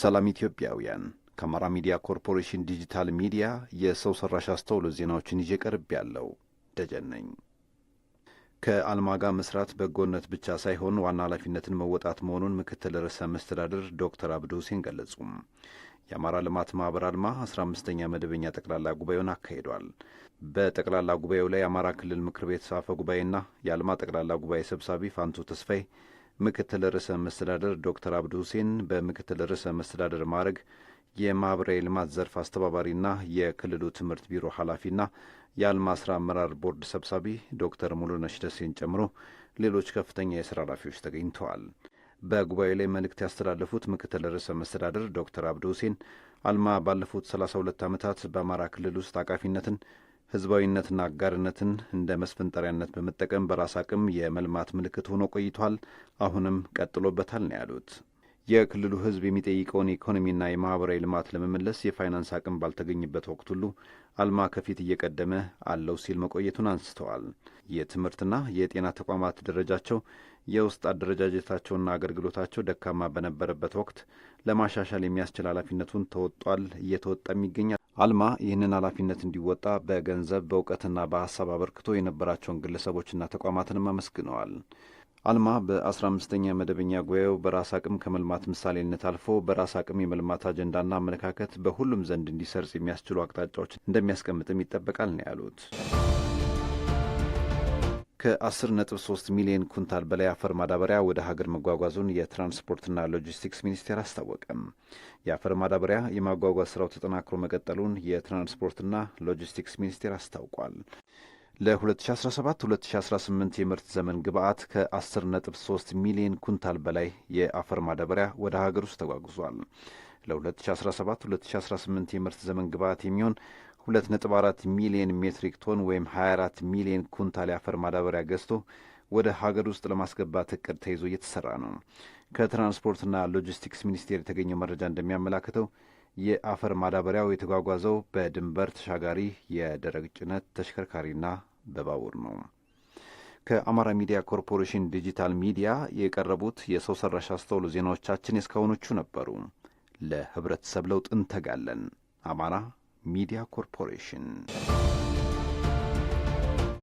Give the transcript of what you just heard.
ሰላም ኢትዮጵያውያን ከአማራ ሚዲያ ኮርፖሬሽን ዲጂታል ሚዲያ የሰው ሰራሽ አስተውሎት ዜናዎችን ይዤ ቀርብ ያለው ደጀን ነኝ። ከአልማጋ መስራት በጎነት ብቻ ሳይሆን ዋና ኃላፊነትን መወጣት መሆኑን ምክትል ርዕሰ መስተዳድር ዶክተር አብዱ ሁሴን ገለጹም። የአማራ ልማት ማኅበር አልማ 15ኛ መደበኛ ጠቅላላ ጉባኤውን አካሂዷል። በጠቅላላ ጉባኤው ላይ የአማራ ክልል ምክር ቤት አፈ ጉባኤና የአልማ ጠቅላላ ጉባኤ ሰብሳቢ ፋንቱ ተስፋዬ ምክትል ርዕሰ መስተዳደር ዶክተር አብዱ ሁሴን በምክትል ርዕሰ መስተዳደር ማዕረግ የማኅበራዊ ልማት ዘርፍ አስተባባሪና የክልሉ ትምህርት ቢሮ ኃላፊና የአልማ ስራ አመራር ቦርድ ሰብሳቢ ዶክተር ሙሉነሽ ደሴን ጨምሮ ሌሎች ከፍተኛ የስራ ኃላፊዎች ተገኝተዋል። በጉባኤው ላይ መልእክት ያስተላለፉት ምክትል ርዕሰ መስተዳደር ዶክተር አብዱ ሁሴን አልማ ባለፉት 32 ዓመታት በአማራ ክልል ውስጥ አቃፊነትን ህዝባዊነትና አጋርነትን እንደ መስፈንጠሪያነት በመጠቀም በራስ አቅም የመልማት ምልክት ሆኖ ቆይቷል። አሁንም ቀጥሎበታል ነው ያሉት። የክልሉ ህዝብ የሚጠይቀውን የኢኮኖሚና የማህበራዊ ልማት ለመመለስ የፋይናንስ አቅም ባልተገኘበት ወቅት ሁሉ አልማ ከፊት እየቀደመ አለው ሲል መቆየቱን አንስተዋል። የትምህርትና የጤና ተቋማት ደረጃቸው የውስጥ አደረጃጀታቸውና አገልግሎታቸው ደካማ በነበረበት ወቅት ለማሻሻል የሚያስችል ኃላፊነቱን ተወጧል፣ እየተወጣም ይገኛል። አልማ ይህንን ኃላፊነት እንዲወጣ በገንዘብ በእውቀትና በሀሳብ አበርክቶ የነበራቸውን ግለሰቦችና ተቋማትንም አመስግነዋል። አልማ በ15ኛ መደበኛ ጉባኤው በራስ አቅም ከመልማት ምሳሌነት አልፎ በራስ አቅም የመልማት አጀንዳና አመለካከት በሁሉም ዘንድ እንዲሰርጽ የሚያስችሉ አቅጣጫዎች እንደሚያስቀምጥም ይጠበቃል ነው ያሉት። ከ10.3 ሚሊዮን ኩንታል በላይ አፈር ማዳበሪያ ወደ ሀገር መጓጓዙን የትራንስፖርትና ሎጂስቲክስ ሚኒስቴር አስታወቀም። የአፈር ማዳበሪያ የማጓጓዝ ስራው ተጠናክሮ መቀጠሉን የትራንስፖርትና ሎጂስቲክስ ሚኒስቴር አስታውቋል። ለ2017-2018 የምርት ዘመን ግብዓት ከ10.3 ሚሊዮን ኩንታል በላይ የአፈር ማዳበሪያ ወደ ሀገር ውስጥ ተጓጉዟል። ለ2017-2018 የምርት ዘመን ግብዓት የሚሆን 2.4 ሚሊዮን ሜትሪክ ቶን ወይም 24 ሚሊዮን ኩንታል የአፈር ማዳበሪያ ገዝቶ ወደ ሀገር ውስጥ ለማስገባት እቅድ ተይዞ እየተሰራ ነው። ከትራንስፖርትና ሎጂስቲክስ ሚኒስቴር የተገኘው መረጃ እንደሚያመላክተው የአፈር ማዳበሪያው የተጓጓዘው በድንበር ተሻጋሪ የደረቅ ጭነት ተሽከርካሪና በባቡር ነው። ከአማራ ሚዲያ ኮርፖሬሽን ዲጂታል ሚዲያ የቀረቡት የሰው ሰራሽ አስተውሎ ዜናዎቻችን የእስካሁኖቹ ነበሩ። ለህብረተሰብ ለውጥ እንተጋለን። አማራ ሚዲያ ኮርፖሬሽን